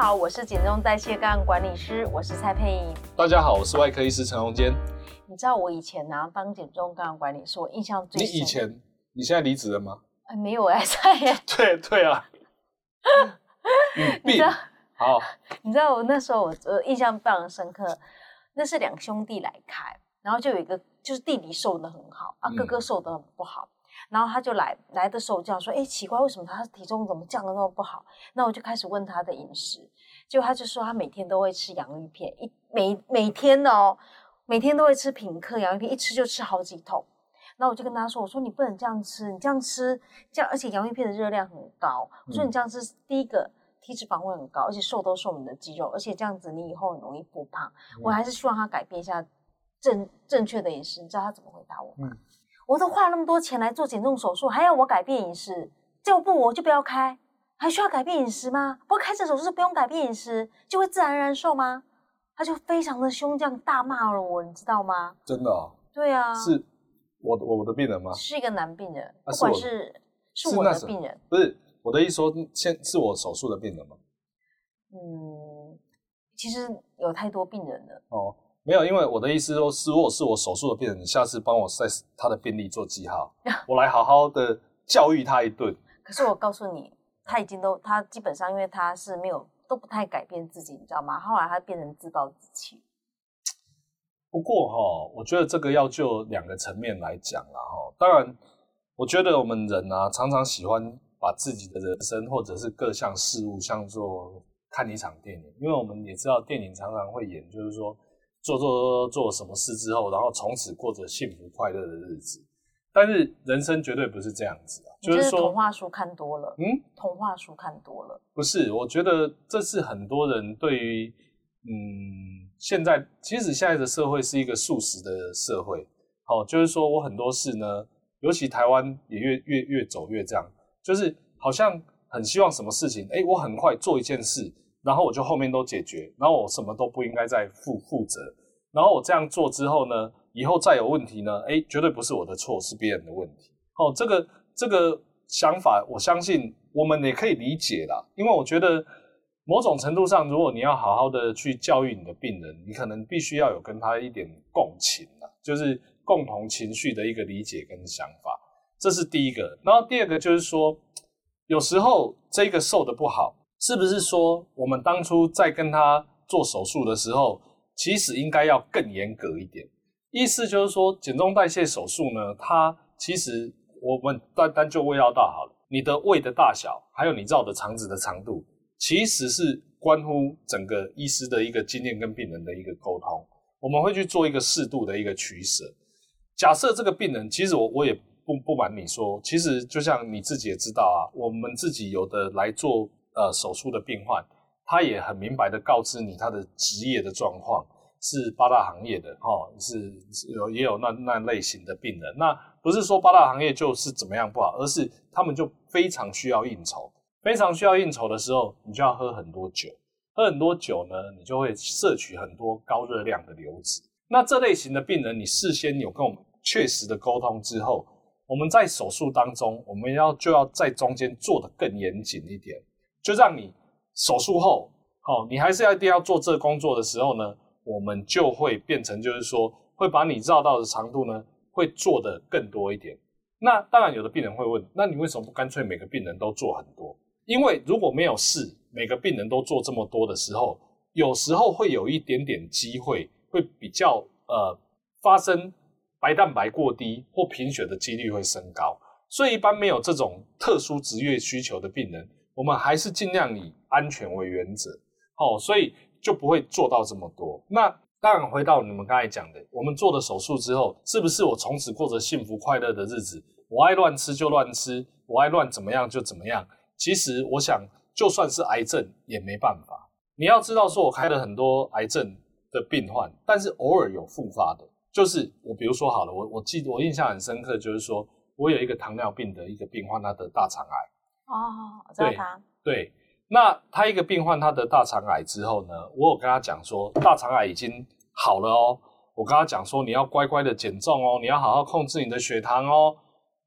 大家好，我是減重代謝個管理師，我是蔡沛穎。大家好，我是外科醫師陳榮堅。你知道我以前呢、啊、當減重個管理是我印象最深。你以前，你現在離職了嗎？欸、沒有哎，在對對啊。 嗯、你知道，好。你知道我那時候我呃印象非常深刻，那是兩兄弟來開，然後就有一個就是弟弟瘦的很好啊，哥哥瘦的很不好。嗯然後他就來來的時候，我就這樣說：“哎，奇怪，為什麼他體重怎麼降得那麼不好？”那我就開始問他的飲食，結果他就說他每天都會吃洋芋片，一每每天的哦，每天都會吃品客洋芋片，一吃就吃好幾桶。那我就跟他說：“我說你不能這樣吃，你這樣吃，這樣而且洋芋片的熱量很高。我說你這樣吃，第一個體脂肪會很高，而且瘦都是我們的肌肉，而且這樣子你以後很容易復胖。嗯、我還是希望他改變一下正正確的飲食。你知道他怎麼回答我嗎？”嗯我都花了那麼多錢來做減重手術，還要我改變飲食？要不我就不要開？還需要改變飲食嗎？不，開這手術就不用改變飲食就會自然而然瘦嗎？他就非常的凶，這樣大罵了我，你知道嗎？真的、哦？對啊。是，我我的病人嗎？是一個男病人，不管是、啊、是，我是，是我的病人，不是我的意思說，先是我手術的病人嗎？嗯，其實有太多病人了哦。沒有，因為我的意思是說是，如果是我手術的病人，下次幫我在他的病歷做記號， 我來好好的教育他一頓。可是我告訴你，他已經都，他基本上因為他是沒有都不太改變自己，你知道嗎？後來他變成自暴自棄。不過哈，我覺得這個要就兩個層面來講了哈。當然，我覺得我們人啊，常常喜歡把自己的人生或者是各項事物，像做看一場電影，因為我們也知道電影常常會演，就是說。做做做做什麼事之後，然後從此過着幸福快樂的日子。但是人生絕對不是這樣子。就是童話書看多了，嗯，童話書看多了。不是，我覺得這是很多人對於嗯，現在其實現在的社會是一個速食的社會。好、哦，就是說我很多事呢，尤其台灣也越越越走越這樣，就是好像很希望什麼事情，哎、欸，我很快做一件事。然後我就後面都解決，然後我什麼都不應該再負負責，然後我這樣做之後呢，以後再有問題呢，哎，絕對不是我的錯，是別人的問題。哦，這個這個想法，我相信我們也可以理解啦，因為我覺得某種程度上，如果你要好好的去教育你的病人，你可能必須要有跟他一點共情啊，就是共同情緒的一個理解跟想法，這是第一個。然後第二個就是說，有時候這個受得不好。是不是說我們當初在跟他做手術的時候，其實應該要更嚴格一點？意思就是說，減重代謝手術呢，它其實我們單單就胃要大好了，你的胃的大小，還有你繞的腸子的長度，其實是關乎整個醫師的一個經驗跟病人的一個溝通。我們會去做一個適度的一個取捨。假設這個病人，其實我我也不不瞞你說，其實就像你自己也知道啊，我們自己有的來做。呃，手術的病患，他也很明白地告知你他的職業的狀況是八大行業的哈、哦，是是有也有那那類型的病人。那不是說八大行業就是怎麼樣不好，而是他們就非常需要應酬，非常需要應酬的時候，你就要喝很多酒，喝很多酒呢，你就會攝取很多高熱量的流質。那這類型的病人，你事先有跟我們確實的溝通之後，我們在手術當中，我們要就要在中間做得更嚴謹一點。就讓你手術後，哦，你還是要一定要做這個工作的時候呢，我們就會變成就是說，會把你繞道的長度呢，會做得更多一點。那當然有的病人會問，那你為什麼不乾脆每個病人都做很多？因為如果沒有事，每個病人都做這麼多的時候，有時候會有一點點機會會比較呃發生白蛋白過低或貧血的幾率會升高。所以一般沒有這種特殊職業需求的病人，我們還是盡量以安全為原則，好，哦，所以就不會做到這麼多。那當然回到你們剛才講的，我們做了手術之後，是不是我從此過着幸福快樂的日子？我愛亂吃就亂吃，我愛亂怎麼樣就怎麼樣？其實我想，就算是癌症也沒辦法。你要知道說，我開了很多癌症的病患，但是偶爾有復發的，就是我比如說好了，我我記我印象很深刻，就是說我有一個糖尿病的一個病患，他得大腸癌。哦，好好知道他對。對，那他一個病患，他得大腸癌之後呢，我有跟他講說，大腸癌已經好了哦。我跟他講說，你要乖乖的減重哦，你要好好控制你的血糖哦。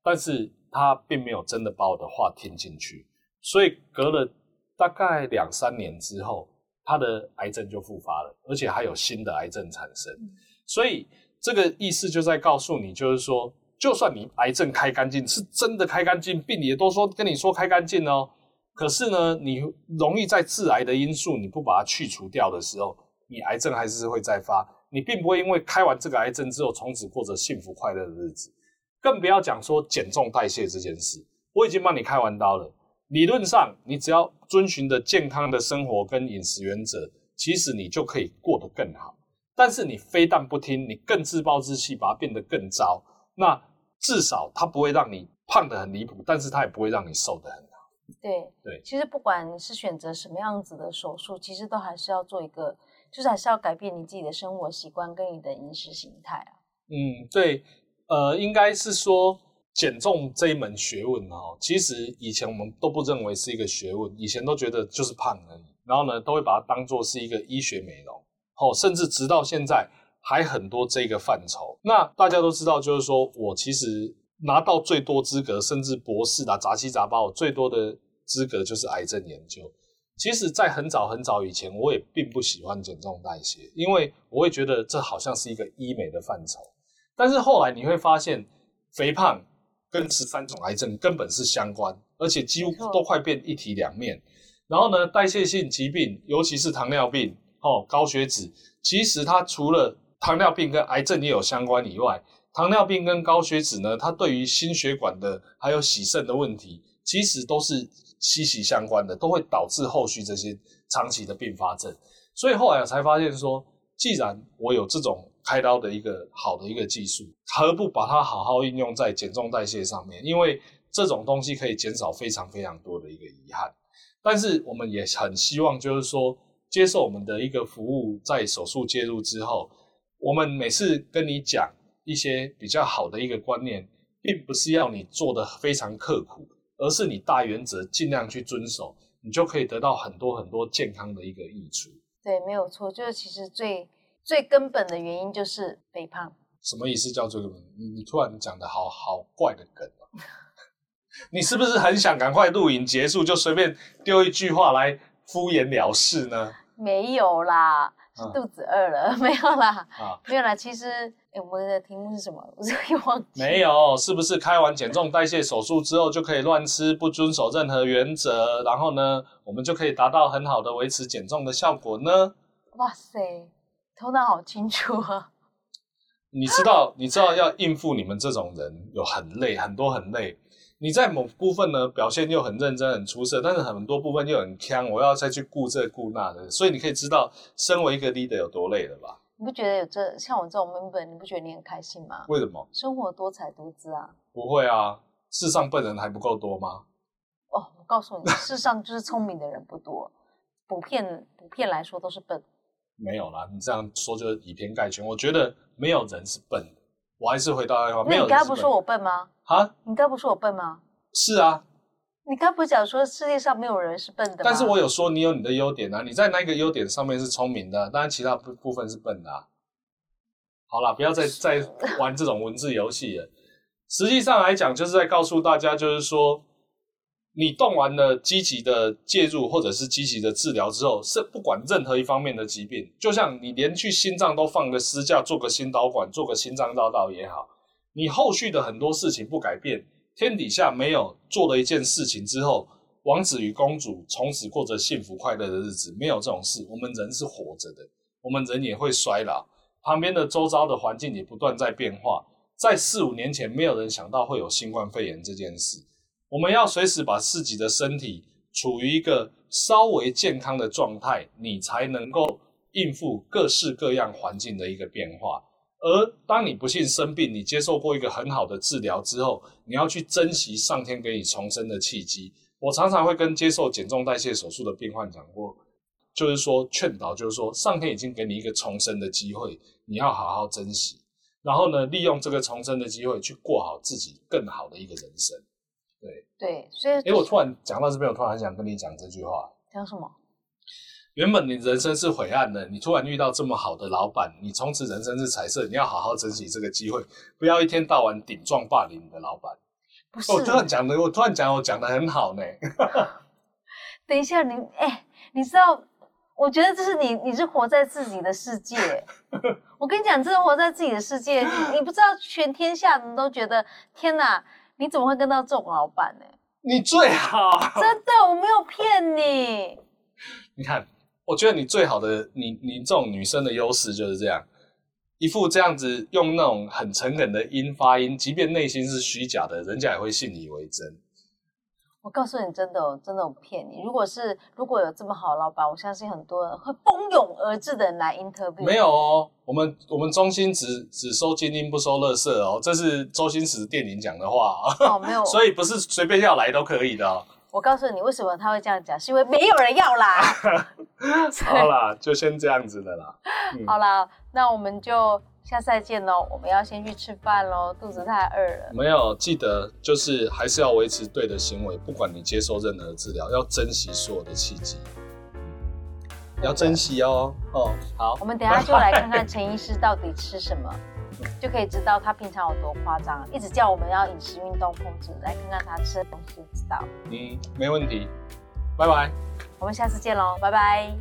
但是他並沒有真的把我的話聽進去，所以隔了大概兩三年之後，他的癌症就復發了，而且還有新的癌症產生。所以這個意思就在告訴你，就是說。就算你癌症開乾淨，是真的開乾淨，病理也都說跟你說開乾淨哦。可是呢，你容易在致癌的因素，你不把它去除掉的時候，你癌症還是會再發。你並不會因為開完這個癌症之後，從此過着幸福快樂的日子。更不要講說減重代謝這件事，我已經幫你開完刀了。理論上，你只要遵循著健康的生活跟飲食原則，其實你就可以過得更好。但是你非但不聽，你更自暴自棄，把它變得更糟。那至少它不會讓你胖得很離譜，但是它也不會讓你瘦得很好。對對，對，其實不管是選擇什麼樣子的手術，其實都還是要做一個，就是還是要改變你自己的生活習慣跟你的飲食形態啊。嗯，對，呃，應該是說減重這一門學問哦，其實以前我們都不認為是一個學問，以前都覺得就是胖而已，然後呢，都會把它當做是一個醫學美容，哦，甚至直到現在，還很多這個範疇。那大家都知道，就是說我其實拿到最多資格，甚至博士啊、雜七雜八，我最多的資格就是癌症研究。其實，在很早很早以前，我也並不喜歡減重代謝，因為我會覺得這好像是一個醫美的範疇。但是後來你會發現，肥胖跟十三種癌症根本是相關，而且幾乎都快變一體兩面。然後呢，代謝性疾病，尤其是糖尿病、哦，高血脂，其實它除了糖尿病跟癌症也有相關以外，糖尿病跟高血脂呢，它對於心血管的還有洗腎的問題，其實都是息息相關的，都會導致後續這些長期的併發症。所以後來我才發現說，既然我有這種開刀的一個好的一個技術，何不把它好好應用在減重代謝上面？因為這種東西可以減少非常非常多的一個遺憾。但是我們也很希望，就是說接受我們的一個服務，在手術介入之後。我們每次跟你講一些比較好的一個觀念，並不是要你做得非常刻苦，而是你大原則盡量去遵守，你就可以得到很多很多健康的一個益處。對，沒有錯，就是其實最最根本的原因就是肥胖。什麼意思？叫做你、這個、你突然講的好好怪的梗、啊， 你是不是很想趕快錄影結束，就隨便丟一句話來敷衍了事呢？沒有啦。是肚子餓了、啊、沒有啦？啊、沒有啦。其實，欸、我們的題目是什麼？我又忘記。沒有，是不是開完減重代謝手術之後就可以亂吃，不遵守任何原則，然後呢，我們就可以達到很好的維持減重的效果呢？哇塞，頭腦好清楚啊！你知道，啊、你知道要應付你們這種人，有很累，很多很累。你在某部分呢，表現又很認真、很出色，但是很多部分又很鏘，我要再去顧這顧那的，所以你可以知道身為一個 leader 有多累了吧？你不覺得有這像我這種 member，你不覺得你很開心嗎？為什麼？生活多彩多姿啊！不會啊，世上笨人還不夠多嗎？哦，我告訴你，世上就是聰明的人不多，普遍普遍來說都是笨。沒有啦，你這樣說就是以偏概全。我覺得沒有人是笨的。我還是回答沒有。你剛才不說我笨嗎？啊，你剛才不說我笨嗎？是啊，你剛才不是講說世界上沒有人是笨的？但是我有說你有你的優點啊，你在那個優點上面是聰明的，當然其他部部分是笨的啊。好了，不要再是再玩這種文字遊戲了。 實際上來講，就是在告訴大家，就是說。你動完了積極的介入或者是積極的治療之後，是不管任何一方面的疾病，就像你連去心臟都放個支架、做個心導管、做個心臟繞道也好，你後續的很多事情不改變，天底下沒有做了一件事情之後，王子與公主從此過着幸福快樂的日子，沒有這種事。我們人是活着的，我們人也會衰老，旁邊的周遭的環境也不斷在變化。在四五年前，沒有人想到會有新冠肺炎這件事。我們要隨時把自己的身體處於一個稍微健康的狀態，你才能夠應付各式各樣環境的一個變化。而當你不幸生病，你接受過一個很好的治療之後，你要去珍惜上天給你重生的契機。我常常會跟接受減重代謝手術的病患講過，就是說勸導，就是說上天已經給你一個重生的機會，你要好好珍惜。然後呢，利用這個重生的機會去過好自己更好的一個人生。對對，所以哎、就是，我突然講到這邊，我突然很想跟你講這句話。講什麼？原本你人生是灰暗的，你突然遇到這麼好的老闆，你從此人生是彩色。你要好好珍惜這個機會，不要一天到晚頂撞霸凌你的老闆。不是、哦，我突然講的，我突然講，我講得很好呢。 等一下你，你、欸、哎，你知道，我覺得這是你，你是活在自己的世界。 我跟你講，你這是活在自己的世界，你，你不知道全天下人都覺得，天哪。你怎麼會跟到這種老板呢？你最好， 真的，我沒有騙你。你看，我覺得你最好的，你你這種女生的優勢就是這樣，一副這樣子用那種很誠懇的音發音，即便內心是虛假的，人家也會信以為真。我告訴你，真的哦，真的我不騙你。如果是如果有這麼好的老板，我相信很多人會蜂擁而至的來 interview。沒有哦，我們我們中心只只收精英，不收垃圾哦。這是周星馳電影講的話哦，哦，沒有， 所以不是隨便要來都可以的哦。我告訴你，為什麼他會這樣講，是因為沒有人要啦。 是好啦，就先這樣子的啦。嗯，好啦，那我們就。下次再見嘍，我們要先去吃飯嘍，肚子太餓了。沒有，記得就是還是要維持對的行為，不管你接受任何的治療，要珍惜所有的契機，嗯、Okay。要珍惜哦。哦，好，我們等一下就來看看陳醫師到底吃什麼，拜拜，就可以知道他平常有多誇張，一直叫我們要飲食運動控制，來看看他吃的東西，知道。嗯，沒問題。拜拜，我們下次見嘍，拜拜。